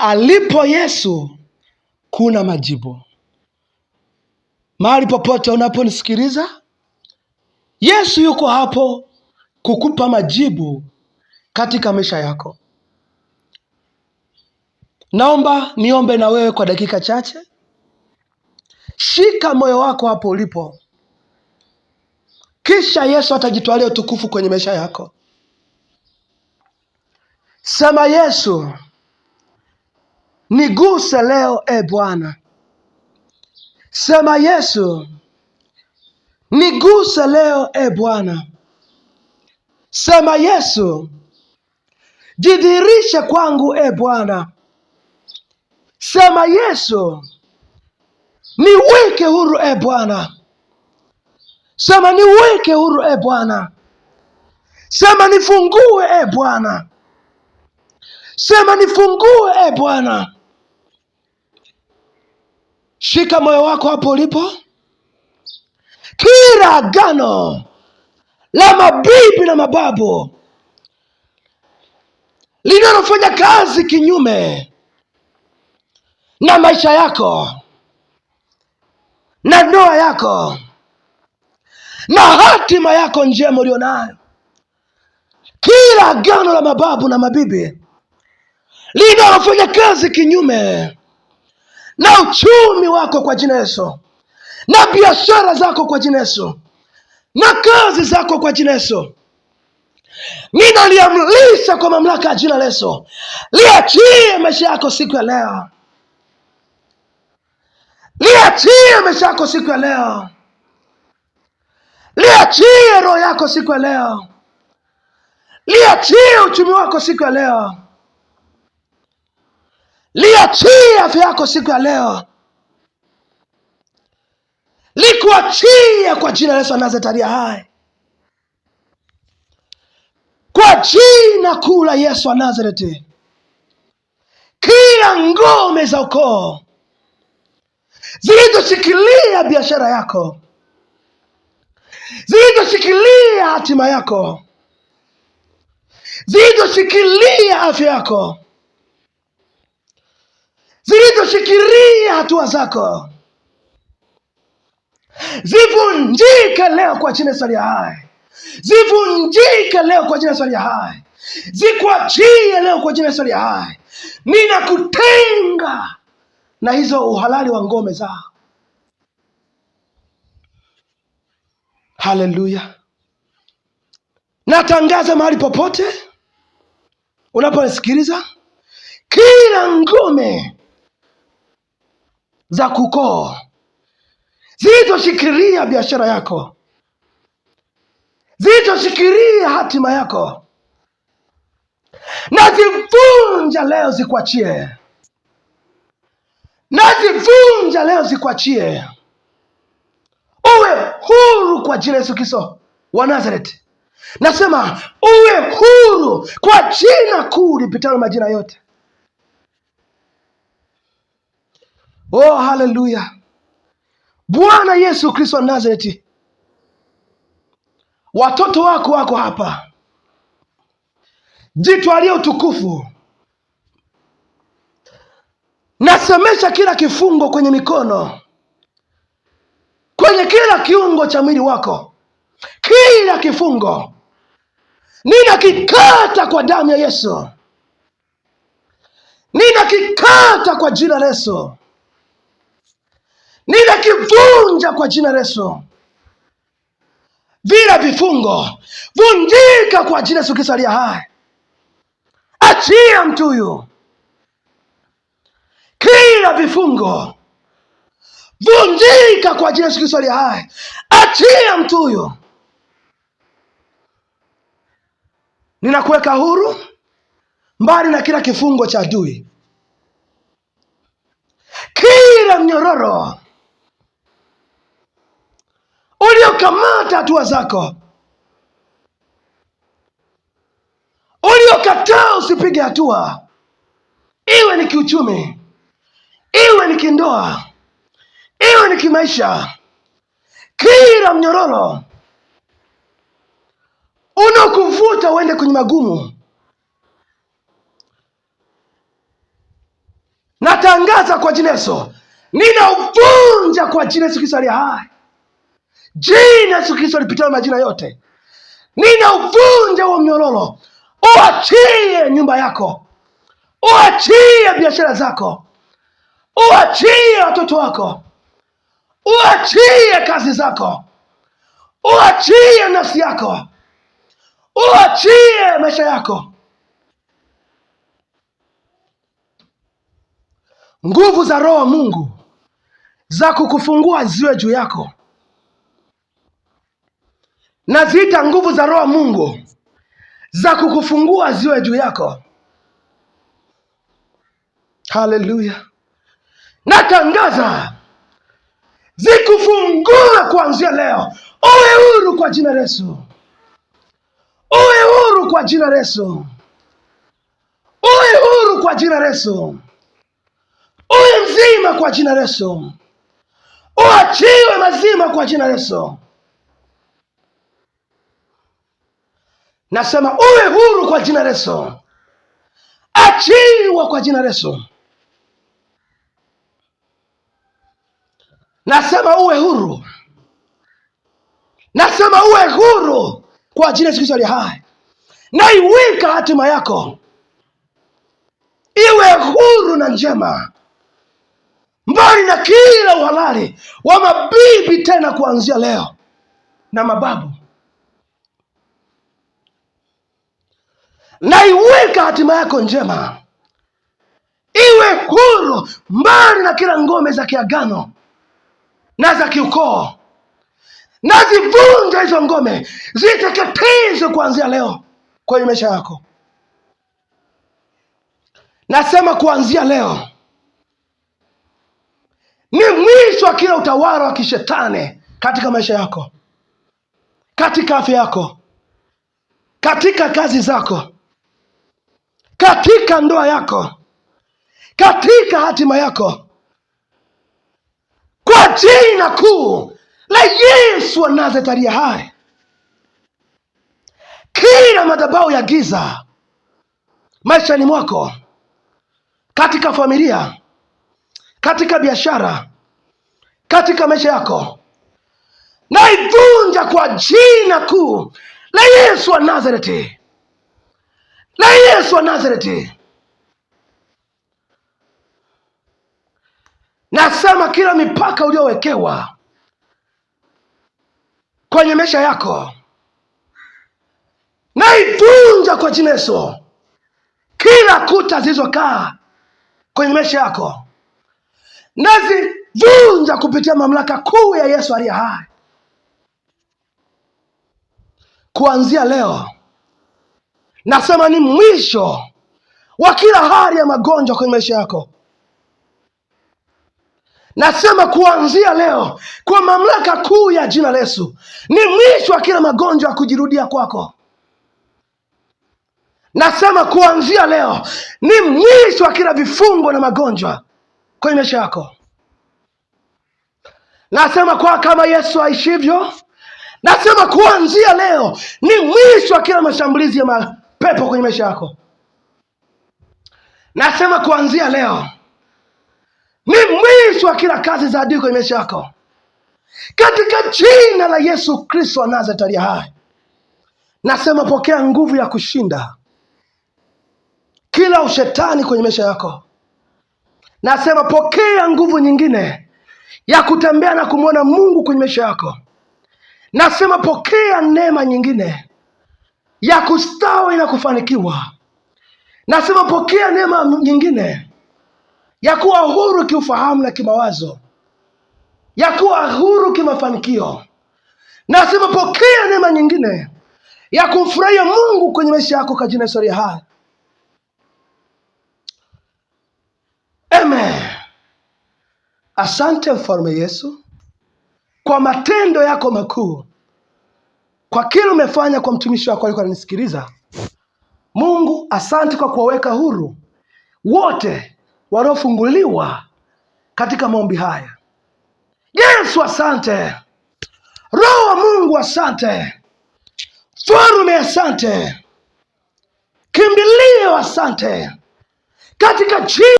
Alipo Yesu kuna majibu. Mahali popote unaponisikiliza, Yesu yuko hapo kukupa majibu katika maisha yako. Naomba niombe na wewe kwa dakika chache. Shika moyo wako hapo ulipo, kisha Yesu atajitwalia utukufu kwenye maisha yako. Sema Yesu Niguse leo e Bwana, sema Yesu, niguse leo e Bwana, sema Yesu, jidhihirishe kwangu e Bwana, sema Yesu, niweke huru e Bwana, sema niweke huru e Bwana, sema nifungue e Bwana, sema nifungue e Bwana Shika moyo wako hapo ulipo. Kila agano la mabibi na mababu linalofanya kazi kinyume na maisha yako na ndoa yako na hatima yako njema ulionayo, kila agano la mababu na mabibi linalofanya kazi kinyume na uchumi wako kwa jina Yesu, na biashara zako kwa jina Yesu, na kazi zako kwa jina Yesu. Ninaliamrisha kwa mamlaka ya jina la Yesu, liachie maisha yako siku ya leo, liachie maisha yako siku ya leo, liachie roho yako siku ya leo, liachie uchumi wako siku ya leo liachie afya yako siku ya leo, likuachie kwa jina la Yesu anazetaria hai, kwa jina kuu la Yesu wa Nazareti, kila ngome za ukoo zilizoshikilia biashara yako, zilizoshikilia hatima yako, zilizoshikilia afya yako Fikiria hatua zako, zivunjike leo kwa jina sali ya hai, zivunjike leo kwa jina sali ya hai, zikuachie leo kwa jina sali ya hai. Ninakutenga na hizo uhalali wa ngome zao. Haleluya! Natangaza mahali popote unaposikiliza, kila ngome za kukoo zilizoshikilia biashara yako, zilizoshikilia hatima yako, nazivunja leo zikuachie, nazivunja leo zikuachie, uwe huru kwa jina Yesu Kristo wa Nazareti. Nasema uwe huru kwa jina kuu lipitalo majina yote. Oh, haleluya! Bwana Yesu Kristo wa Nazareti, watoto wako wako hapa, jitwalie utukufu. Nasemesha kila kifungo kwenye mikono, kwenye kila kiungo cha mwili wako, kila kifungo ninakikata kwa damu ya Yesu, ninakikata kwa jina la Yesu ninakivunja kwa jina la Yesu. Vila vifungo vunjika kwa jina Yesu Kristo aliye hai. Achia mtu huyu, kila vifungo vunjika kwa jina Yesu Kristo aliye hai. Achia mtu huyu, ninakuweka huru mbali na kila kifungo cha adui, kila mnyororo uliokamata hatua zako, uliokataa usipige hatua, iwe ni kiuchumi, iwe ni kindoa, iwe ni kimaisha, kila mnyororo unaokuvuta uende kwenye magumu. Natangaza kwa jina Yesu, kwa jina Yesu Kristo aliye hai Jina Yesu Kristo alipitiwa majina yote. Ninauvunja huo mnyororo, uachie nyumba yako, uachie biashara zako, uachie watoto wako, uachie kazi zako, uachie nafsi yako, uachie maisha yako. Nguvu za Roho wa Mungu za kukufungua ziwe juu yako. Naziita nguvu za Roho Mungu za kukufungua ziwe juu yako. Haleluya, natangaza zikufungue kuanzia leo. Uwe huru kwa jina la Yesu, uwe huru kwa jina la Yesu, uwe huru kwa jina la Yesu, uwe mzima kwa jina la Yesu, uachiwe mazima kwa jina la Yesu. Nasema uwe huru kwa jina Yesu, achiwa kwa jina Yesu. Nasema uwe huru, nasema uwe huru kwa jina Yesu Kristo aliye hai. Naiwika hatima yako iwe huru na njema, mbali na kila uhalali wa mabibi, tena kuanzia leo na mababu naiweka hatima yako njema, iwe huru mbali na kila ngome za kiagano na za kiukoo, na zivunje hizo ngome, ziteketezwe kuanzia leo kwenye maisha yako. Nasema kuanzia leo ni mwisho wa kila utawala wa kishetani katika maisha yako, katika afya yako, katika kazi zako, katika ndoa yako, katika hatima yako, kwa jina kuu la Yesu wa Nazareti aliye hai, kila madhabahu ya giza maishani mwako, katika familia, katika biashara, katika maisha yako, naivunja kwa jina kuu la Yesu wa Nazareti na Yesu wa Nazareti. Nasema kila mipaka uliowekewa kwenye maisha yako naivunja kwa jina Yesu. Kila kuta zilizokaa kwenye maisha yako nazivunja kupitia mamlaka kuu ya Yesu aliye hai, kuanzia leo nasema ni mwisho wa kila hali ya magonjwa kwenye maisha yako. Nasema kuanzia leo, kwa mamlaka kuu ya jina lesu ni mwisho wa kila magonjwa ya kujirudia kwako. Nasema kuanzia leo, ni mwisho wa kila vifungo na magonjwa kwenye maisha yako. Nasema kwa kama Yesu aishivyo, nasema kuanzia leo, ni mwisho wa kila mashambulizi ya ma pepo kwenye maisha yako. Nasema kuanzia leo ni mwisho wa kila kazi za adui kwenye maisha yako, katika jina la Yesu Kristo wa Nazareti aliye hai. Nasema pokea nguvu ya kushinda kila ushetani kwenye maisha yako. Nasema pokea nguvu nyingine ya kutembea na kumwona Mungu kwenye maisha yako. Nasema pokea neema nyingine ya kustawi na kufanikiwa. na sivyopokea neema nyingine ya kuwa huru kiufahamu na kimawazo, ya kuwa huru kimafanikio. na sivyopokea neema nyingine ya kumfurahia Mungu kwenye maisha yako kwa jina sori hai. Amen. Asante mfalme Yesu kwa matendo yako makuu kwa kile umefanya kwa mtumishi wako alikuwa ananisikiliza. Mungu, asante kwa kuwaweka huru wote waliofunguliwa katika maombi haya. Yesu, asante. Roho wa Mungu, asante. Farume, asante. Kimbilio, asante katika jina